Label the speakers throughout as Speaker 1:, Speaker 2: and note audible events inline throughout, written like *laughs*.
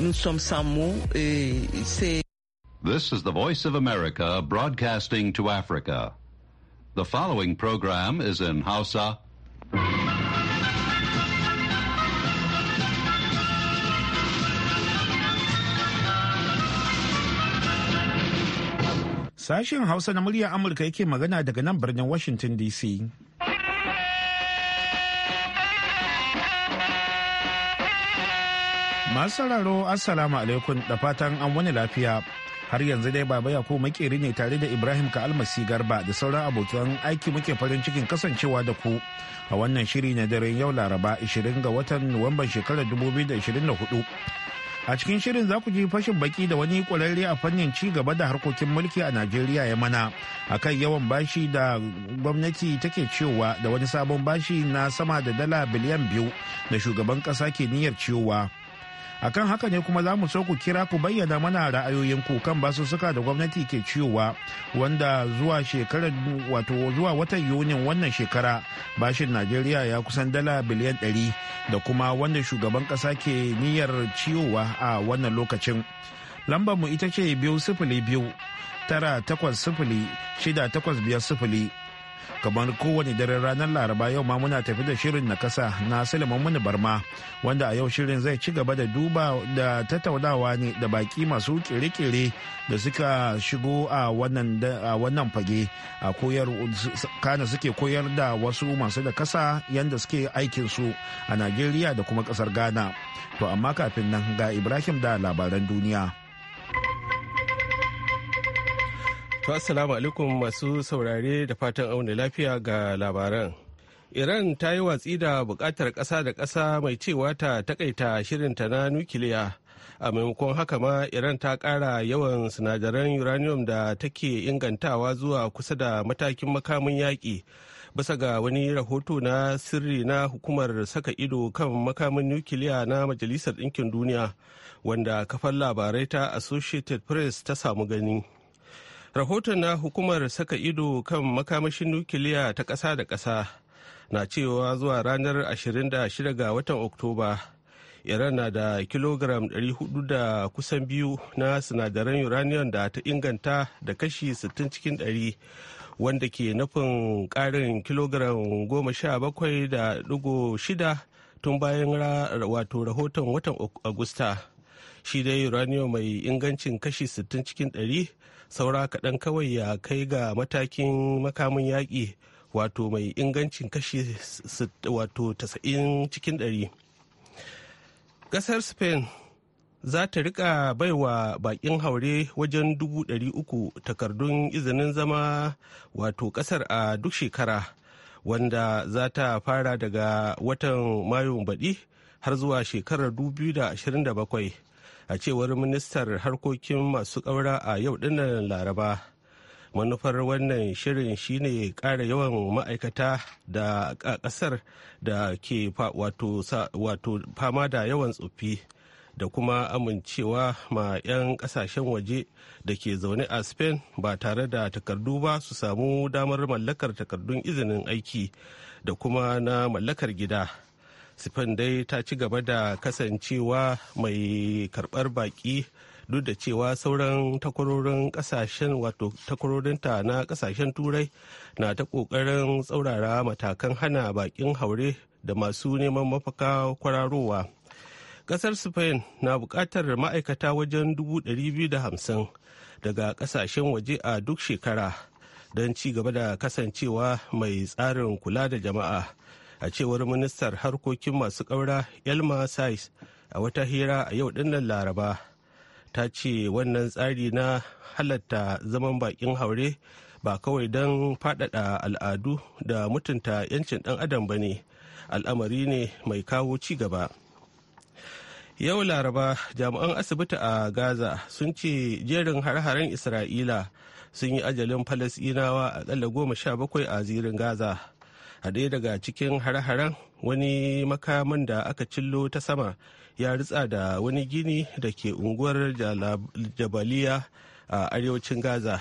Speaker 1: Nous sommes sans mots
Speaker 2: et c'est... This is the Voice of America broadcasting to Africa. The following program is in Hausa.
Speaker 3: Sashen Hausa na muryar Amurka yake magana daga nan birnin Washington DC. Masu sauraro Assalamu alaikum da fatan an wani lafiya. Har yanzu dai Baba Yakub makeri ne tare da Ibrahim ka almasi Garba da sauran abokan aiki muke farin cikin kasancewa da ku a wannan shiri na daren yau Laraba 20 ga watan Nuwamban shekarar 2024. A cikin shirin za ku ji fashin baki da wani kwararre a fannin ci gaba da harkokin mulki a Najeriya ya mana a akan yawan bashi da gwamnati take cewa da wani sabon bashi na sama da dala biliyan biyu da shugaban ƙasa ke niyyar ciyowa. akan haka ne kuma za mu so ku kira ku bayyana mana ra'ayoyinku kan basussuka da gwamnati ke ciyowa wanda zuwa shekarar wato zuwa watan yunin wannan shekara bashin najeriya ya kusan dala biliyan 100 da kuma wanda shugaban kasa ke niyyar ciyowa a wannan lokacin lambar mu ita ce biyu sifili biyu tara takwas sifili shida takwas biyar sifili kamar kowane daren ranar laraba yau ma muna tafi da shirin na kasa na sulaiman muni barma wanda a yau shirin zai ci gaba da duba da tattaunawa ne da baki masu kere-kere da suka shigo a wannan fage a koyar kana suke koyar da wasu masu da kasa yadda suke aikinsu a najeriya da kuma kasar ghana to amma kafin nan ga ibrahim da labaran duniya
Speaker 2: To assalamu alaikum masu saurare da fatan auna lafiya ga labaran. Iran ta yi watsi da bukatar ƙasa da ƙasa mai cewa ta takaita shirinta na nukiliya. A maimakon haka ma Iran ta ƙara yawan sinadaran uranium da take ingantawa zuwa kusa da matakin makamin yaƙi. Bisa ga wani rahoto na sirri na hukumar saka ido kan makamin nukiliya na Majalisar Ɗinkin Duniya, wanda kafar labarai ta Associated Press ta samu gani. rahoton na hukumar saka ido kan makamashin nukiliya ta ƙasa da ƙasa na cewa zuwa ranar 26 ga watan oktoba iran na da kilogram 400 da kusan biyu na sinadaran uranium da ta inganta da kashi 60 cikin 100 wanda ke nufin karin kilogram 17.6 tun bayan wato rahoton watan agusta shi dai uranium mai ingancin kashi 60 cikin 100 saura kaɗan kawai ya kai ga matakin makamin yaƙi wato mai ingancin kashi wato 90 cikin 100 ƙasar spain za ta rika baiwa bakin haure wajen dubu ɗari uku takardun izinin zama wato ƙasar a duk shekara wanda za ta fara daga watan mayu baɗi har zuwa shekarar 2027 a cewar ministar harkokin masu kaura a yau dinnan laraba manufar wannan shirin shine kara yawan ma'aikata da kasar da ke wato fama da yawan tsofi da kuma amincewa ma 'yan kasashen waje da ke zaune a spain ba tare da takardu ba su samu damar mallakar takardun izinin aiki da kuma na mallakar gida. Spain dai ta ci gaba da kasancewa mai karbar baki duk da cewa sauran takwarorin kasashen wato takwarorinta na kasashen turai na ta kokarin tsaurara matakan hana bakin haure da masu neman mafaka kwararowa kasar spain na bukatar ma'aikata wajen 250 daga kasashen waje a duk shekara don ci gaba da kasancewa mai tsarin kula da jama'a a cewar ministar harkokin masu ƙaura elma sais a wata hira a yau dinnan laraba ta ce wannan tsari na halatta zaman bakin haure ba kawai don faɗaɗa al'adu da mutunta 'yancin ɗan adam ba ne al'amari ne mai kawo ci gaba yau laraba jami'an asibiti a gaza sun ce jerin har-haren isra'ila sun yi ajalin falasinawa akalla goma sha bakwai a zirin gaza a ɗaya daga cikin hare-haren wani makamin da aka cillo ta sama ya ritsa da wani gini da ke unguwar jabaliya a arewacin gaza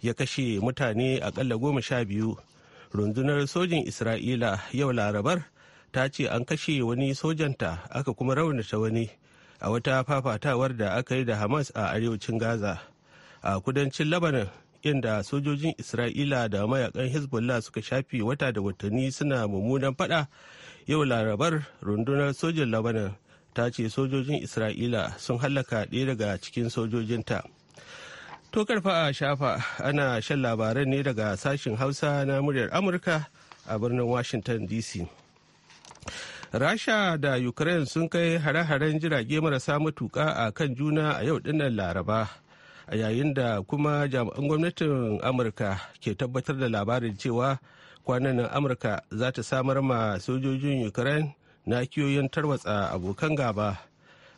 Speaker 2: ya kashe mutane akalla goma sha biyu rundunar sojin isra'ila yau larabar ta ce an kashe wani sojanta aka kuma raunata wani a wata fafatawar da aka yi da hamas a arewacin gaza a kudancin labanin inda sojojin isra'ila da mayakan hezbollah suka shafi wata da watanni suna mummunan fada yau larabar rundunar sojin labanan ta ce sojojin isra'ila sun hallaka ɗaya daga cikin sojojinta to karfa a shafa ana shan labaran ne daga sashen hausa na muryar amurka a birnin washington dc rasha da ukraine sun kai hare-haren jirage marasa matuka a kan juna a yau dinnan laraba a yayin da kuma jami'an gwamnatin amurka ke tabbatar da labarin cewa kwanan nan amurka za ta samar ma sojojin ukraine na kiyoyin tarwatsa abokan gaba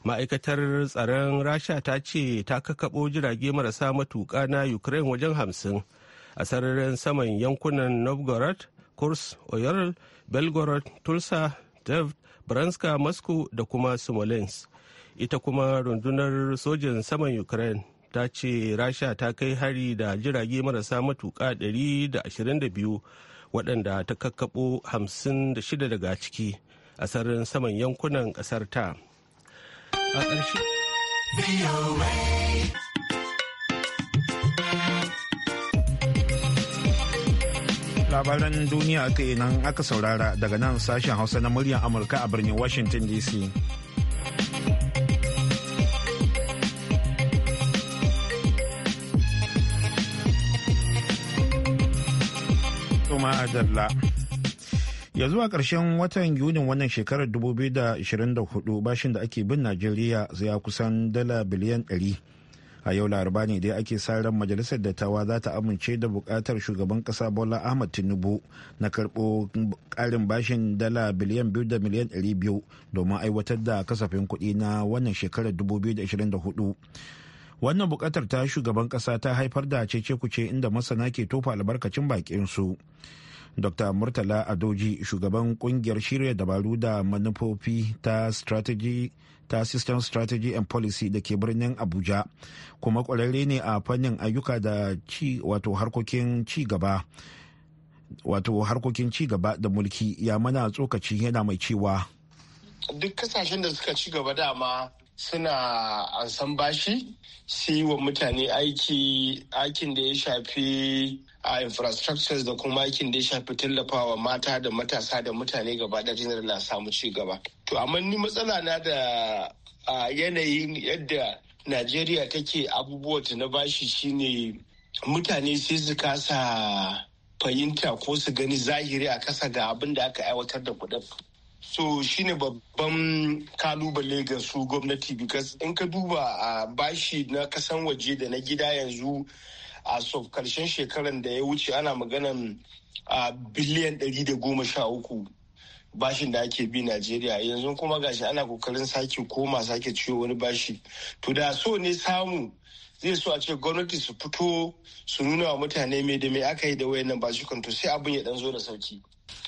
Speaker 2: ma'aikatar tsaron rasha ta ce ta kakabo jirage marasa matuka na ukraine wajen hamsin a sararin saman yankunan novgorod kurs oyol belgorod tulsa dev branska moscow da kuma smolensk ita kuma rundunar sojin saman ukraine ta ce rasha ta kai hari da jirage marasa matuƙa 122 waɗanda ta kakkaɓo 56 daga ciki a sararin saman yankunan ƙasar ta
Speaker 3: labaran duniya aka yi nan aka saurara daga nan sashen hausa na muryar amurka a birnin washington dc Madalla. ya zuwa ƙarshen watan yunin wannan shekarar 2024 bashin da ake bin najeriya zai kusan dala biliyan 100 a yau laraba ne dai ake sa ran majalisar dattawa za ta amince da buƙatar shugaban ƙasa bola ahmad tinubu na karɓo ƙarin bashin dala biliyan 2 da miliyan 200 domin aiwatar da kasafin kuɗi na wannan shekarar 2024 wannan bukatar ta shugaban kasa ta haifar da cece kuce inda masana ke tofa albarkacin bakin su dr murtala adoji shugaban kungiyar shirya dabaru da manufofi ta strategy ta system strategy and policy da ke birnin abuja kuma kwararre ne a fannin ayyuka da ci wato harkokin ci gaba wato harkokin ci gaba da mulki ya mana tsokaci yana mai cewa
Speaker 4: duk kasashen da suka ci gaba dama suna ansan bashi su yi wa mutane aiki aikin da ya shafi a infrastructures da kuma aikin da ya shafi tallafawa mata da matasa da mutane gaba da jinar na samu ci gaba to amma ni matsala na da yanayin yadda najeriya take abubuwa ta na bashi shine mutane sai su kasa fahimta ko su gani zahiri a kasa ga abin da aka aiwatar da kuɗin so shine babban kalubale ga su gwamnati because in ka duba a bashi na kasan waje da na gida yanzu a sof karshen shekaran da ya wuce ana maganan a biliyan uku bashin da ake bi najeriya yanzu kuma gashi ana kokarin sake koma sake ciwo wani bashi to da so ne samu zai so a ce gwamnati su fito su nuna wa mutane mai da mai aka yi da wayannan bashi to sai abin ya dan zo da sauki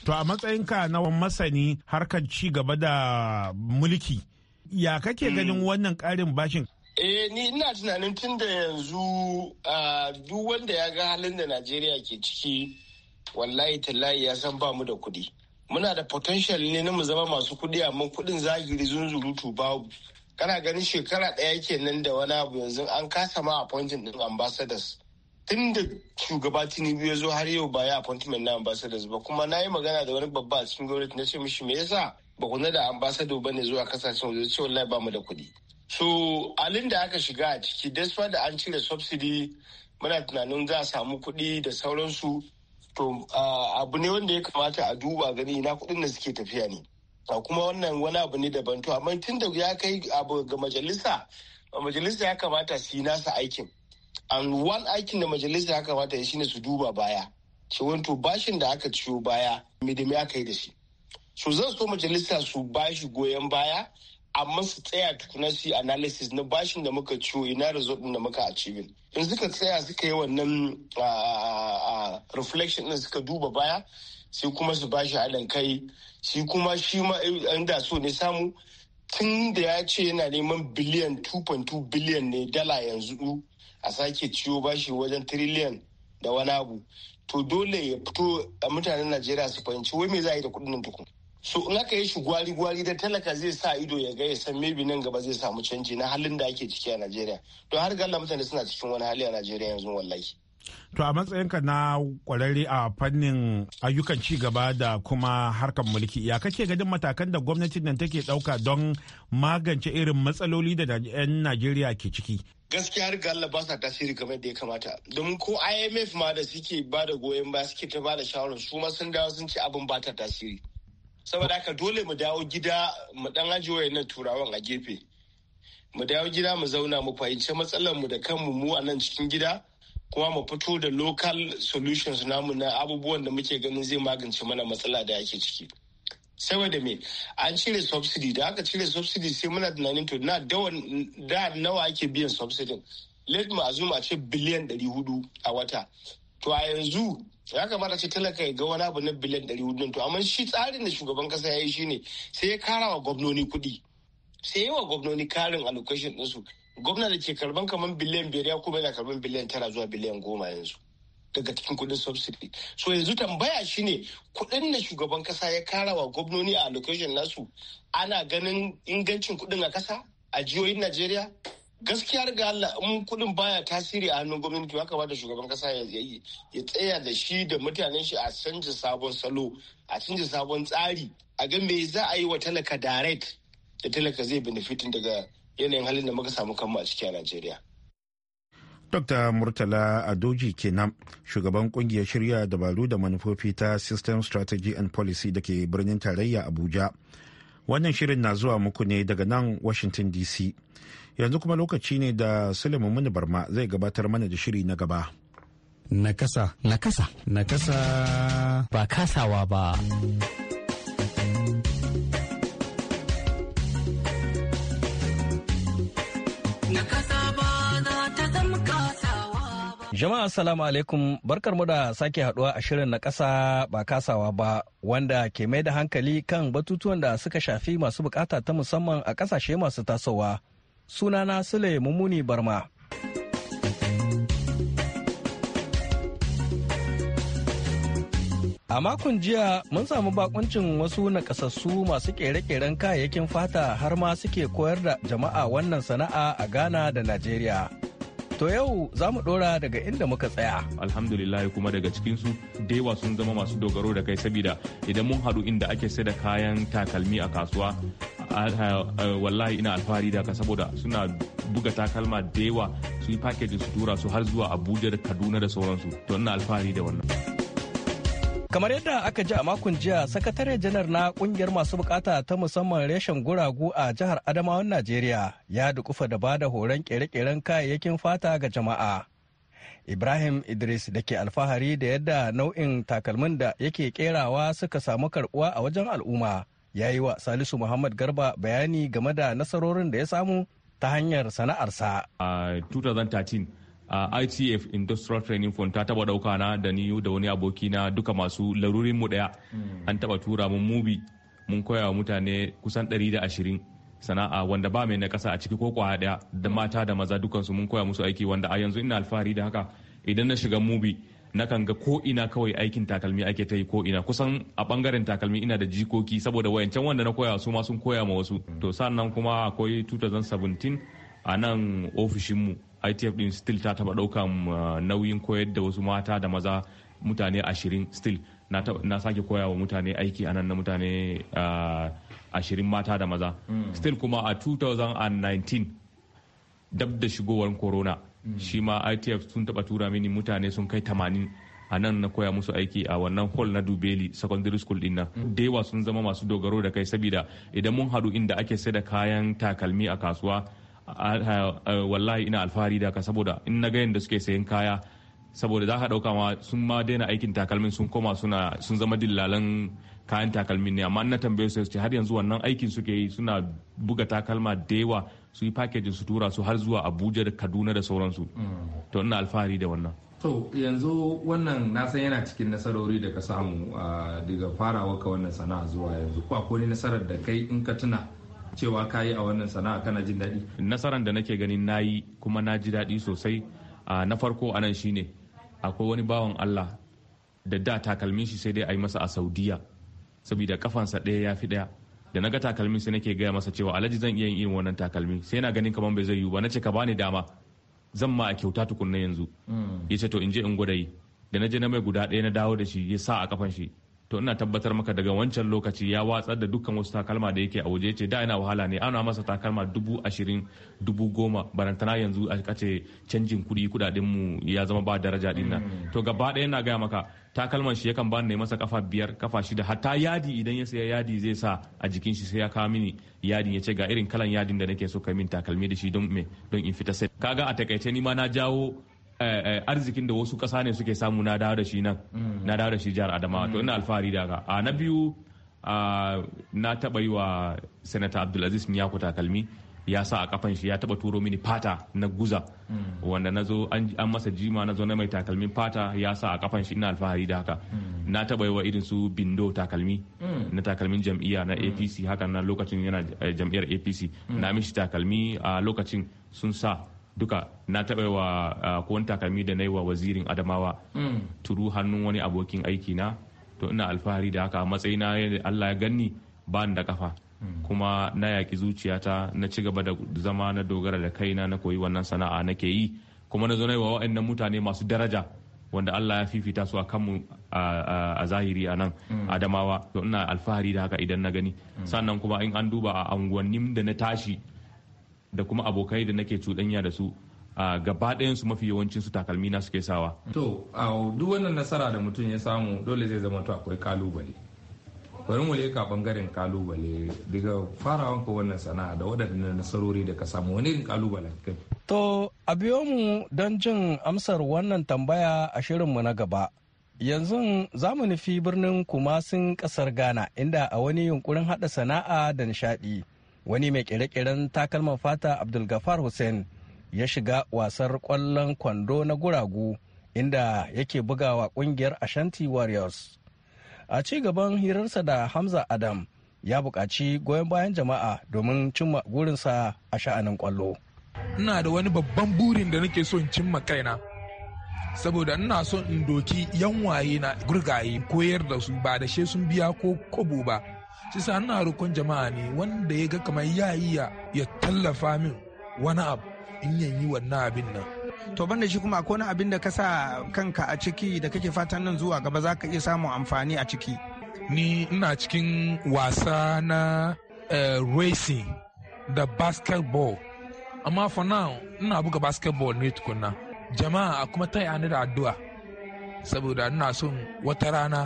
Speaker 3: To a matsayinka na masani harkar ci gaba da mulki, ya kake mm. ganin wannan ƙarin bashin?
Speaker 4: Eh ni ina tunanin tun da yanzu duk wanda ya ga halin da Najeriya ke ciki wallahi tallahi ya san ba mu da kuɗi. Muna da potential ne na mu zama masu kuɗi amma kuɗin zagiri zunzurutu babu. Kana ganin shekara ɗaya kenan da wani abu yanzu an kasa ma appointing ɗin ambassadors. tun da shugaba biyu ya zo har yau ba ya appointment na ambassadors ba kuma na yi magana da wani babba a cikin gwamnati na ce mishi me yasa ba kuna da ambassador ba ne zuwa kasashen waje ce wallahi ba mu da kuɗi so alin da aka shiga a ciki despite da an cire subsidy muna tunanin za a samu kuɗi da sauransu to abu ne wanda ya kamata a duba gani na kuɗin da suke tafiya ne kuma wannan wani abu ne daban to amma tun da ya kai abu ga majalisa majalisa ya kamata su yi nasa aikin wani aikin da majalisa ya kamata ya shine su duba baya ce wanto bashin da aka ciyo baya mai da aka yi da shi so zan so majalisa su bashi goyon baya amma su tsaya tukuna su analysis na bashin da muka ciwo ina result da muka achieve in suka tsaya suka yi wannan reflection din suka duba baya sai kuma su bashi alin kai shi kuma shi ma inda so ne samu tun da ya ce yana neman biliyan 2.2 biliyan ne dala yanzu a sake ciwo bashi wajen tiriliyan da wani abu to dole ya fito a mutanen najeriya su fahimci wai me za a yi da kuɗin nan tukun so in aka yi shi gwari gwari da talaka zai sa ido ya ga ya san maybe nan gaba zai samu canji na halin da ake ciki a najeriya don har galla mutane suna cikin wani hali a najeriya yanzu wallahi
Speaker 3: To a matsayinka na kwararre a fannin ayyukan ci gaba da kuma harkar mulki ya kake ganin matakan da gwamnatin nan take ɗauka don magance irin matsaloli da 'yan Najeriya ke ciki?
Speaker 4: gaskiya har ga Allah ba sa tasiri kamar da ya kamata domin ko IMF ma da suke ba da goyon baya suke ta ba da shawarar su ma sun dawo sun ce abin ba ta tasiri saboda haka dole mu dawo gida mu dan ajiye wayannan turawan a gefe mu dawo gida mu zauna mu fahimci matsalar mu da kanmu mu a nan cikin gida kuma mu fito da local solutions namu na abubuwan da muke ganin zai magance mana matsala da yake ciki. saboda me an cire subsidy da aka cire subsidy sai muna tunanin to na da nawa ake biyan subsidy let mu azuma ce biliyan 400 a wata to a yanzu ya kamata ce talaka ga wani abu na biliyan 400 to amma shi tsarin da shugaban kasa ya yi shine sai ya kara wa gwamnoni kuɗi sai yi wa gwamnoni karin allocation ɗinsu gwamna da ke karban kamar biliyan biyar ya kuma yana karban biliyan tara zuwa biliyan goma yanzu daga cikin kudin subsidy so yanzu tambaya shine kudin da shugaban kasa ya kara wa gwamnoni a allocation nasu ana ganin ingancin kudin a kasa a jihohin najeriya gaskiya ga Allah in kudin baya tasiri a hannun gwamnati ya kamata shugaban kasa ya yi ya tsaya da shi da mutanen shi a canja sabon salo a canja sabon tsari a ga me za a yi wa talaka direct da talaka zai benefitin daga yanayin halin da muka samu kanmu a ciki a Najeriya.
Speaker 3: Dr. Murtala Adoji kenan shugaban kungiyar shirya dabaru da manufofi ta System Strategy and Policy da ke birnin tarayya Abuja. Wannan shirin na zuwa muku ne daga nan Washington DC. Yanzu kuma lokaci ne da Suleiman Muni Barma zai gabatar mana da shiri na gaba.
Speaker 1: Nakasa. Nakasa. Nakasa. Ba kasawa ba. Jama'a salamu alaikum barkar mu da sake haduwa a shirin na kasa ba kasawa ba wanda ke mai da hankali kan batutuwan da suka shafi masu bukata ta musamman a kasashe masu tasowa. Sunana Sule Mumuni Barma. A makon jiya mun samu bakuncin wasu nakasassu masu kere-keren kayayyakin fata har ma suke koyar da jama'a wannan sana'a a Ghana da Najeriya. To yau za mu ɗora daga inda muka tsaya.
Speaker 5: Alhamdulillah kuma daga cikinsu yawa sun zama masu dogaro da kai sabida idan mun haɗu inda ake sai da kayan takalmi a kasuwa wallahi ina alfahari da ka saboda suna buga takalma da yawa su yi su tura su har zuwa Abuja da Kaduna da sauransu to ina alfahari da wannan. Kamar yadda aka ji a makon jiya,
Speaker 1: sakatare janar na kungiyar masu bukata ta musamman reshen guragu a jihar Adamawan Najeriya ya dukufa da bada horon kere-keren kayayyakin fata ga jama'a. Ibrahim Idris da ke alfahari da yadda nau'in takalmin da yake kerawa suka samu karbuwa a wajen al'umma. Ya yi wa Salisu Muhammad Garba bayani game da nasarorin da ya samu
Speaker 5: ta hanyar sana'arsa. A 2013 Uh, itf industrial training fund ta taba dauka na da ni da wani aboki na duka masu larurin mu daya hmm. an taba tura mun mubi mun koya wa mutane kusan 120 sana'a wanda ba mai na kasa a ciki ko kwaya daya da mata da maza dukansu mun koya musu aiki wanda a yanzu ina alfahari da haka idan na shiga mubi nakan ga ko ina kawai aikin takalmi ake ta yi ko ina kusan a bangaren takalmi ina da jikoki saboda wayancan wanda na koya su ma sun koya ma wasu hmm. to sannan kuma akwai 2017 a nan ofishinmu itf din still ta taba daukan uh, nauyin koyar da wasu mata da maza mutane ashirin still na sake koya wa mutane aiki nan na mutane uh, ashirin mata da maza mm. still kuma a 2019 dab da shigowar corona mm. shi ma itf sun taba tura mini mutane sun kai tamanin a nan na koya musu aiki a wannan hall na dubeli secondary school din nan mm. da yawa sun zama masu dogaro da kai saboda idan mun haɗu inda ake sai da kayan takalmi a kasuwa wallahi ina alfahari da ka saboda in na ga yadda suke sayan kaya saboda za ka ɗauka ma sun ma daina aikin takalmin sun koma suna sun zama dillalan kayan takalmin ne amma na tambaye su ce har yanzu wannan aikin suke yi suna buga takalma da yawa su yi packaging su tura su har zuwa abuja da kaduna da sauransu to ina alfahari da wannan to
Speaker 6: yanzu wannan na san yana cikin nasarori da ka samu daga farawa ka wannan sana'a
Speaker 5: zuwa yanzu ko akwai nasarar da kai in ka tuna cewa ka yi a wannan sana'a kana jin daɗi nasaran da nake ganin na yi kuma na ji daɗi sosai na farko a nan shine akwai wani bawan allah da da takalmin shi sai dai a yi masa a saudiya saboda kafansa ɗaya ya fi ɗaya da na ga takalmin sai nake gaya masa cewa alhaji zan iya yin irin wannan takalmi sai yana ganin kamar bai zai yiwu ba na ce ka bani dama zan ma a kyauta tukunna yanzu mm. ya ce to in je in gwada yi da na je na mai guda ɗaya na dawo da shi ya sa a kafan shi to ina tabbatar maka daga wancan lokaci ya watsar da dukkan wasu takalma da yake a waje ce da ina wahala ne ana masa takalma dubu ashirin dubu goma barantana yanzu a kace canjin kuɗi kuɗaɗen mu ya zama ba daraja din nan mm. to gaba ɗaya ina gaya maka takalman shi yakan bani masa kafa biyar kafa shida hatta yadi idan ya saya yadi zai sa a jikin shi sai ya kawo mini yadin ya ce ga irin kalan yadin da nake so ka min takalmi da shi don me don in fita sai kaga a takaice ni ma na jawo Eh, eh, arzikin da wasu ƙasa ne suke samu na dawo da shi nan mm. na dawo da shi jihar adamawa to mm. ina alfahari da a na biyu na taɓa yi wa senata abdulaziz miyako takalmi ya sa a kafan shi ya taba turo mini fata na guza mm. wanda na zo an masa jima na zo na mai takalmin fata ya sa a kafan shi ina alfahari da haka na taba yi wa irin su bindo takalmi na takalmin jam'iyya na apc haka na lokacin yana eh, jam'iyyar apc na mishi takalmi a lokacin sun sa duka na taɓa wa ah, ko takalmi da na yi wa wazirin adamawa hmm. turu hannun wani abokin aiki na to ina alfahari da haka yadda Allah ya ganni ba da kafa hmm. kuma na yaƙi zuciyata na ci gaba da zama na dogara da kaina na koyi wannan sana'a na ke yi kuma na zo na yi wa wa'annan mutane masu daraja wanda Allah ya fifita su a kanmu a zahiri a nan hmm. adamawa to ina alfahari da haka idan na gani sannan kuma in an duba a unguwannin da na tashi da kuma abokai da nake cuɗanya da su gaba ɗayan su mafi yawancin su takalmi na suke sawa to
Speaker 6: duk wannan nasara da mutum ya samu dole zai zama to akwai kalubale bari mu leka bangaren kalubale daga farawan ko wannan sana'a da waɗannan nasarori da ka samu wani
Speaker 1: irin kalubalen to a biyo mu don jin amsar wannan tambaya a shirin mu na gaba yanzu za mu nufi birnin kumasin ƙasar ghana inda a wani yunkurin haɗa sana'a da nishaɗi. wani mai kere-keren takalman fata abdulgafar hussein ya shiga wasar kwallon kwando na guragu inda yake bugawa kungiyar ashanti warriors a ci gaban hirarsa da hamza adam ya bukaci goyon bayan jama'a domin cimma gurinsa a sha'anin kwallo
Speaker 6: ina da wani babban burin da nake so in cimma kaina saboda ina so in doki yan waye na gurgaye koyar da su ba da she sun biya ko kobo ba shi sa ina rukun jama'a ne wanda ya ga kamar ya iya ya tallafa min wani abu in yanyi wannan abin nan to banda shi kuma akwai wani abin da ka sa kanka a ciki da kake fatan nan zuwa gaba za ka iya samun amfani a ciki ni ina cikin wasa na eh, racing da basketball amma for now ina buga basketball ne tukuna jama'a a kuma ta yana da addu'a saboda ina son wata rana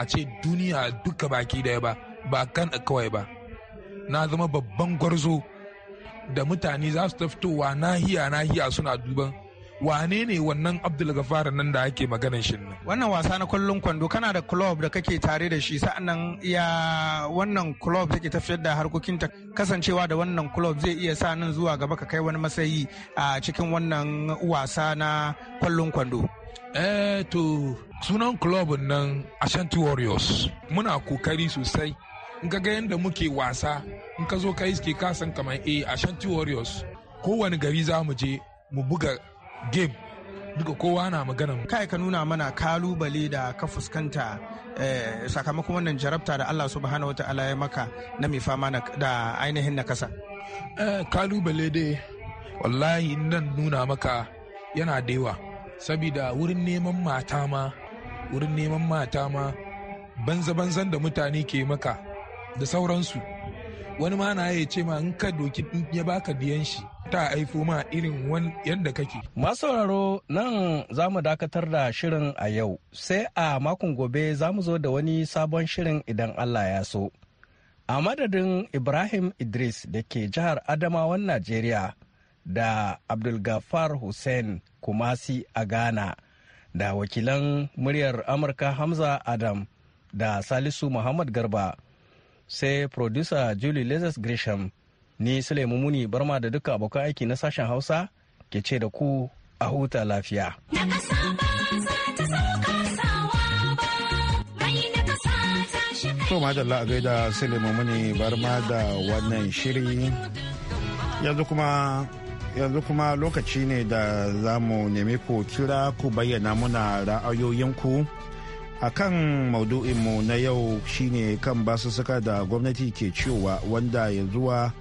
Speaker 6: a ce duniya duka baki daya ba ba kan kawai ba na zama babban gwarzo da mutane za su ta fitowa nahiya nahiya suna duban wane ne wannan abdul gafara nan da ake maganan shi nan wannan wasa na kullun kwando kana da club da kake tare da shi sa'annan ya wannan club take tafiyar da harkokinta kasancewa da wannan club zai iya sa nan zuwa gaba ka kai wani matsayi a cikin wannan wasa na kullun kwando eh to sunan club nan ashanti warriors muna kokari sosai in ka ga yadda muke wasa in ka zo ka iske kasan kamar a eh, Ashanti Warriors kowane gari za mu je mu buga game duka kowa na magana mu kai ka nuna mana kalubale da ka fuskanta eh, sakamakon wannan jarabta da Allah subhanahu ta'ala ya maka na mai fama da ainihin nakasa eh, kalubale dai wallahi nan nuna maka yana da yawa sabida wurin neman mata ma wurin neman mata ma banza-banzan da mutane ke maka da sauransu wani ma na ya ce ma in ka doki ya baka biyan shi ta aifo ma irin wani yadda kake.
Speaker 1: Masu sauraro nan za mu dakatar da shirin a yau sai a makon gobe za mu zo da wani sabon shirin idan Allah ya so. A madadin Ibrahim Idris da ke jihar Adamawan Najeriya da Abdulgafar Hussein Kumasi a Ghana da wakilan muryar Amurka Hamza Adam da Salisu Muhammad Garba. sai producer Julie Lazarus Grisham ni Sulaimu Muni barma da duka abokan aiki na sashen Hausa ke ce da ku a huta lafiya. To madalla a
Speaker 3: gaida Sulaimu Muni barma da wannan shiri yanzu kuma yanzu kuma lokaci ne da za mu nemi ku kira ku bayyana muna ra'ayoyinku a kan maudu'inmu na yau shine kan basussuka da gwamnati ke cewa wanda ya zuwa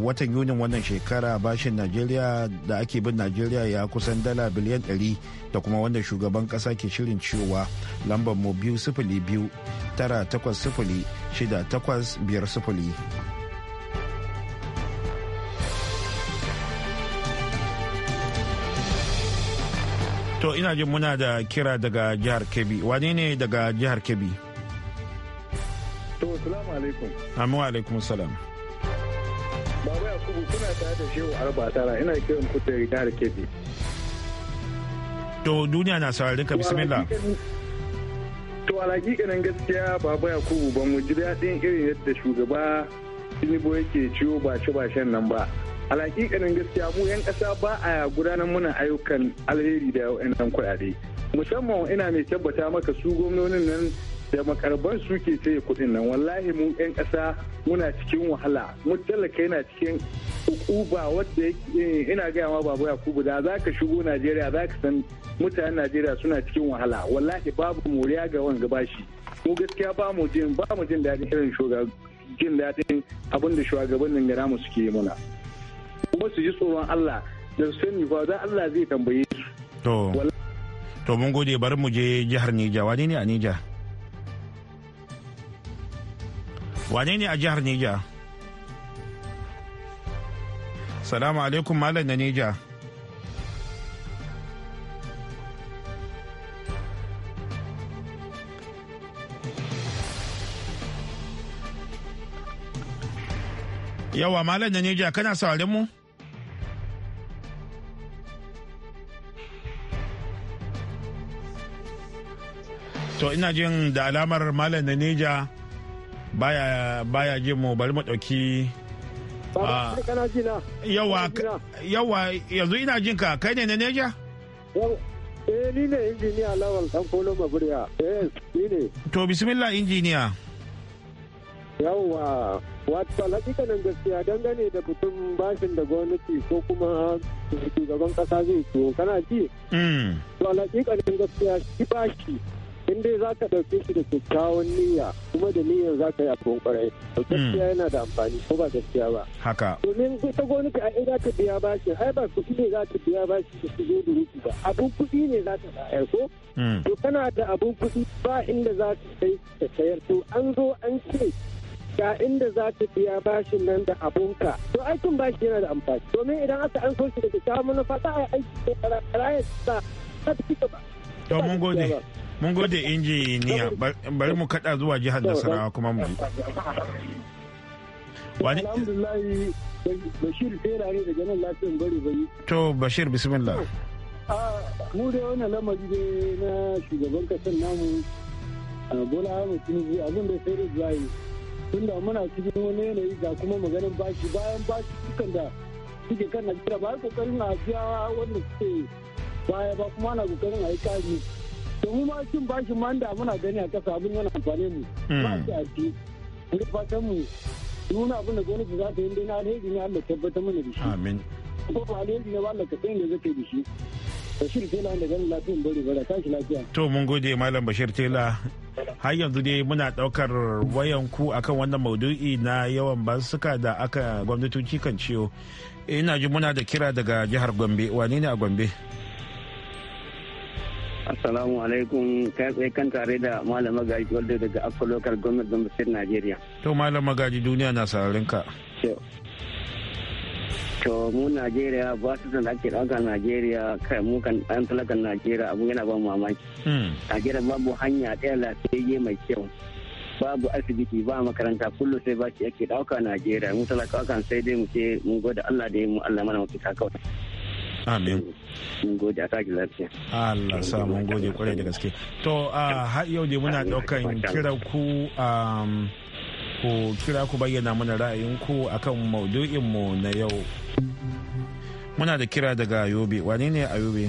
Speaker 3: watan yunin wannan shekara bashin najeriya da ake bin najeriya ya kusan dala biliyan 100 da kuma wanda shugaban kasa ke shirin cewa lambar mu biyu sifili biyu tara takwas sifili shida takwas biyar sifili To ina jin muna da kira daga jihar Kebbi. Wane ne daga jihar Kebbi?
Speaker 7: To, salamu alaikum.
Speaker 3: Amu alaikum salam.
Speaker 7: Baba Yakubu kuna tare da Shehu
Speaker 6: Arba Tara ina kiran ku da jihar Kebbi.
Speaker 3: To, duniya na saurarin ka bismillah. To, alhakikanin gaskiya Baba Yakubu ba mu ji
Speaker 7: daɗin irin yadda shugaba Tinubu yake ciwo ba ba shan nan ba. a alhakikanin gaskiya mu yan kasa ba a gudanar muna ayyukan alheri da yan kuɗaɗe musamman ina mai tabbata maka su gwamnonin nan da makarban su ke sai kuɗin nan wallahi mu yan kasa muna cikin wahala mu talaka yana cikin ukuba wadda eh, ina gaya ma babu yakubu da za ka shigo najeriya za ka san mutanen najeriya suna cikin wahala wallahi babu moriya ga wanga bashi mu gaskiya ba mu jin ba mu jin daɗin irin jin daɗin abin da shugabannin gara mu suke yi muna.
Speaker 3: kuma su ji tsoron
Speaker 7: Allah da su sani ba za Allah zai tambaye su.
Speaker 3: To, to mun gode bari mu je jihar Nija wane ne a Nija? Wane ne a jihar Nija? Salamu alaikum malam na Nija. Yawa Malam da Neja kana saurin mu? To ina jin da alamar Malam da Neja baya baya jin mu bari mu dauki ah, yawa yawa yanzu ina jin ka kai ne na Neja? Eh ni ne injiniya Lawal dan Kolo Maburya. Eh ni ne. To bismillah injiniya.
Speaker 7: yawwa wato nan gaskiya dangane da mutum bashin da gwamnati ko kuma shugaban kasa zai ciwo kana ji mm. to nan gaskiya shi bashi in dai za ka ɗauke shi da kyakkyawan niyya kuma da niyyar za ka yi abin kwarai to gaskiya mm. yana da amfani ko ba gaskiya ba haka domin ta gwamnati a za ta biya bashi ai ba kuɗi ne za ta biya bashi da su zo duruki ba abin kuɗi ne za ta bayar ko mm. to kana da abin kuɗi ba inda za ta kai ta sayar to an zo an ce ga inda za ka biya bashin nan da abunka to aikin bashi yana da amfani domin idan aka an soki da ta manufa za a yi aiki da karaya ta ta fi
Speaker 3: ba to mun gode mun gode injiniya bari mu kada zuwa jihar da sarawa kuma mu wani alhamdulillahi bashir tera ne daga nan lafiyan bari bari to bashir bismillah
Speaker 7: mu da wani lamari ne na shugaban kasar namu bola ahmed tinubu abin da sai da zuwa tunda muna cikin wani yanayi ga kuma maganin bashi bayan bashi sukan da suke kan najeriya ba kokarin a biya wanda suke baya ba kuma ana kokarin a yi kaji to mu ma cin bashi ma da muna gani a kasa abin yana amfani mu hmm. ba shi a ci fatan mu nuna abin da gwamnati za ta yi dai na alheri ne Allah tabbatar mana da shi amin ko ba alheri ne ba Allah ka tsaye da zaka yi da shi Bashir Tela da ganin lafiyan bari bara tashi
Speaker 3: lafiya to mun gode malam Bashir Tela har yanzu dai muna daukar wayan ku akan wannan maudu'i na yawan suka da aka gwamnatoci kan ciyo ina ji muna da kira daga jihar gombe wani ne a gombe
Speaker 7: assalamu alaikum kai tsaye kan tare da malam magaji wadda daga akwai lokal government don basir najeriya
Speaker 3: to malam magaji duniya na sararin ka to mu
Speaker 7: najeriya ba su da ake daukar najeriya kai mu kan dan talakan najeriya abu yana mu mamaki hmm. najeriya babu hanya ɗaya lafiyayye mai kyau babu asibiti ba makaranta kullum sai ba ki ake ɗauka najeriya mu talaka kan sai dai mu ce mun gode allah da ya mu allah
Speaker 3: mana mafita kawai Amin. Mun gode a taki lafiya. Allah sa mun gode kwarai da gaske. To ah, har yau dai muna ɗaukan kiran ku um, ku kira ku bayyana mana ra'ayinku akan maudu'inmu na yau muna da kira daga yobe wani ne a yobe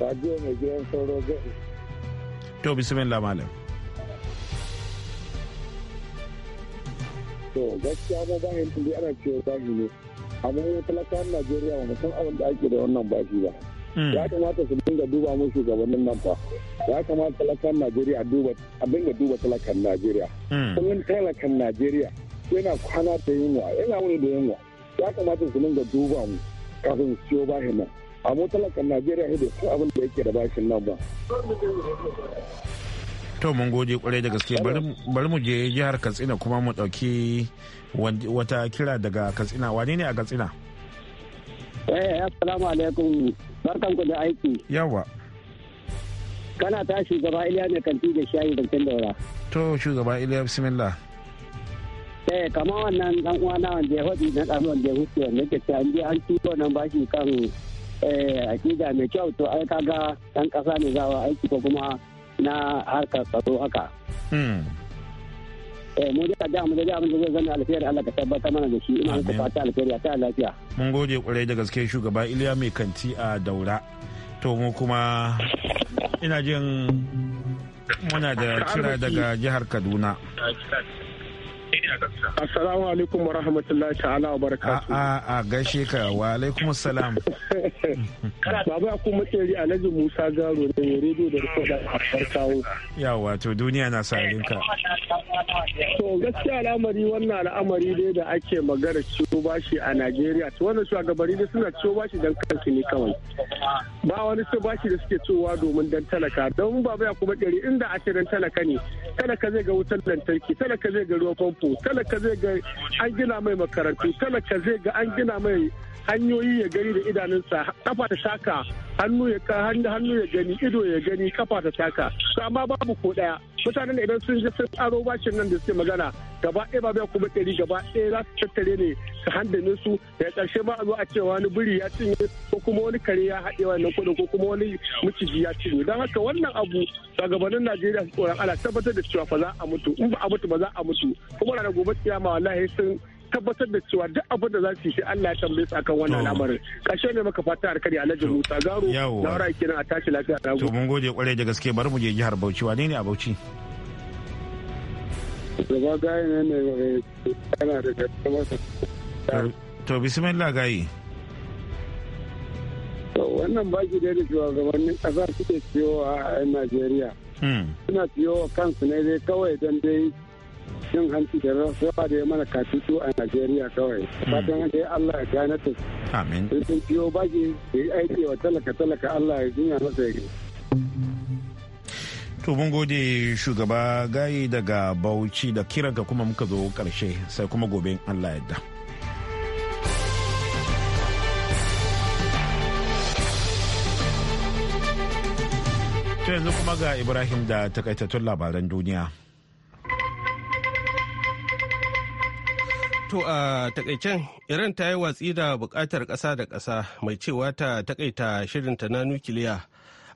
Speaker 7: mai gidan sauro
Speaker 3: to bismillah malam
Speaker 7: to gaskiya ba ba yin ana cewa ba ne amma yau talakawan najeriya wani san abin da ake da wannan bashi ba Hmm. ya kamata su dinga duba mun shugabannin nan fa ya kamata talakan najeriya duba a dinga duba talakan najeriya hmm. kullum talakan najeriya yana kwana da yunwa yana wani da yunwa ya kamata su dinga duba mu kafin su ciyo bahin nan a talakan najeriya ya ko abin da yake da bashin
Speaker 3: nan ba to mun gode kwarai da gaske bari mu je jihar katsina kuma mu dauki wata kira daga katsina wane ne a katsina
Speaker 7: Eh, assalamu alaikum. Barkan ku da aiki. Yawa. Kana ta shugaba Iliya ne kanti da shayi da kin daura.
Speaker 3: To shugaba Iliya bismillah.
Speaker 7: Eh, kama wannan dan uwa na wanda ya hodi na dan wanda ya huce wanda ke ta an an tuko nan bashi kan eh akida mai kyau to ai kaga dan kasa ne zawa aiki ko kuma na harkar tsaro haka. Mm. eh mu da da mu da abin da zai zama alheri Allah ka tabbata mana da shi ina muku fata alheri a ta lafiya
Speaker 3: mun gode kwarai da gaske shugaba Iliya mai kanti a Daura to mu kuma ina jin muna da kira daga jihar Kaduna
Speaker 7: Assalamu alaikum wa rahmatullahi ta'ala wa barakatuhu. A
Speaker 3: a gaishe ka wa alaikum salam. ya
Speaker 7: *laughs* kuma makeri Alhaji Musa Garo
Speaker 3: ne ya rediyo da rikoda a farkawo. Yawa to duniya na sarin ka.
Speaker 2: To gaskiya
Speaker 7: al'amari wannan al'amari dai da ake magana ciwo bashi a Najeriya to wannan shugabanni da suna ciwo bashi don kansu ne kawai. Ba wani ciwo bashi da suke ciwo domin don talaka don babu ya kuma ɗari inda a ce dan talaka ne talaka zai ga wutar lantarki talaka zai ga ruwan famfo kala talaka zai ga an gina mai makarantu talaka zai ga an gina mai hanyoyi ya gari da idanunsa kafa ta shaka hannu ya ka hannu ya gani ido ya gani kafa ta taka to amma babu ko daya mutanen idan sun je sun aro bashin nan da suke magana gaba ɗaya ba bai kuma ɗari gaba ɗaya za su tattare ne su handame su da ƙarshe ba a zo a ce wani biri ya cinye ko kuma wani kare ya haɗe wannan kudin ko kuma wani miciji ya cinye don haka wannan abu shugabannin Najeriya su tsoron ala tabbatar da cewa fa za a mutu in ba a mutu ba za a mutu kuma ranar gobe kiyama wallahi sun tabbatar da cewa duk abin da za su yi Allah ya tambaye su akan wannan lamarin ƙarshe ne maka fata alkari Alhaji Musa Garo na wara nan a tashi lafiya na to
Speaker 3: mun gode kwarai da gaske bari mu je jihar Bauchi wane ne a Bauchi
Speaker 7: Gaba gayi ne ne kana da gaske
Speaker 3: To bismillah To wannan
Speaker 7: baki da gabanin ƙasa suke ciyo a Najeriya. Hmm. Suna ciyo kansu ne dai kawai dan dai cin hanci da rasuwa da ya mana kafin su a Najeriya kawai. Hmm. Fatan dai Allah ya gane
Speaker 3: ta. Amin. Sun
Speaker 7: sun biyo baki da yi aiki wa talaka talaka Allah ya jinya masa ya
Speaker 3: To mun gode shugaba gayi daga Bauchi da ka kuma muka zo karshe sai kuma gobe Allah yadda. da. yanzu kuma ga Ibrahim da takaitattun labaran duniya.
Speaker 2: To a takaicen Iran ta yi watsi da bukatar ƙasa da ƙasa mai cewa ta takaita shirinta na nukiliya.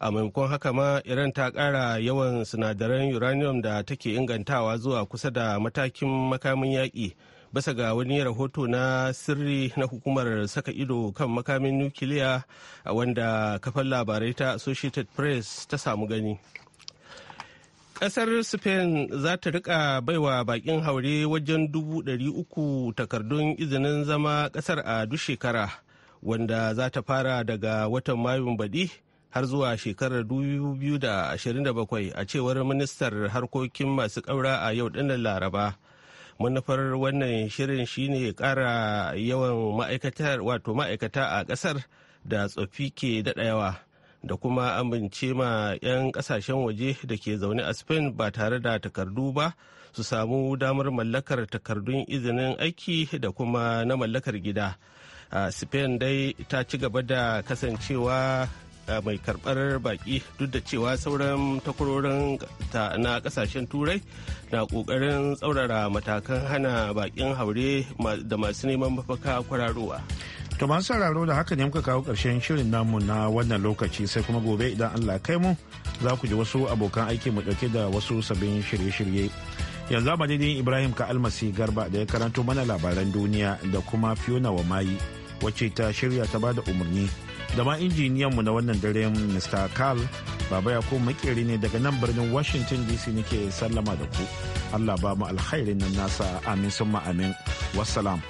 Speaker 2: A maimakon haka ma Iran ta kara yawan sinadaran uranium da take ingantawa zuwa kusa da matakin makamin yaƙi. basa ga wani rahoto na sirri na hukumar saka ido kan makamin nukiliya wanda kafar labarai ta Associated Press ta samu gani. Ƙasar Spain za ta rika baiwa bakin haure wajen dubu ɗari uku takardun izinin zama ƙasar a duk shekara, wanda za ta fara daga watan Mayun baɗi har zuwa shekarar 2027 a cewar ministar harkokin masu ƙaura a yau ɗinnan Laraba. manufar wannan shirin shine ƙara yawan ma'aikata a ƙasar da tsofi ke daɗa yawa. da kuma amince ma 'yan kasashen waje da ke zaune a spain ba tare da takardu ba su samu damar mallakar takardun izinin aiki da kuma na mallakar gida spain dai ta ci gaba da kasancewa mai karbar baki duk da cewa sauran takwarorin na kasashen turai na kokarin tsaurara matakan hana bakin haure da masu neman mafaka kwararowa.
Speaker 3: To masu sauraro da haka ne muka kawo ƙarshen shirin namu na wannan lokaci sai kuma gobe idan Allah kai mu za ku ji wasu abokan aiki mu ɗauke da wasu sabbin shirye-shirye. Yanzu a Ibrahim ka almasi garba da ya karanto mana labaran duniya da kuma Fiona wa mayi wacce ta shirya ta bada umarni da ma injiniyan mu na wannan dare Mr. Carl Baba ya makeri ne daga nan birnin Washington DC nake sallama da ku. Allah ba mu alkhairin nan nasa amin summa amin. Wassalamu.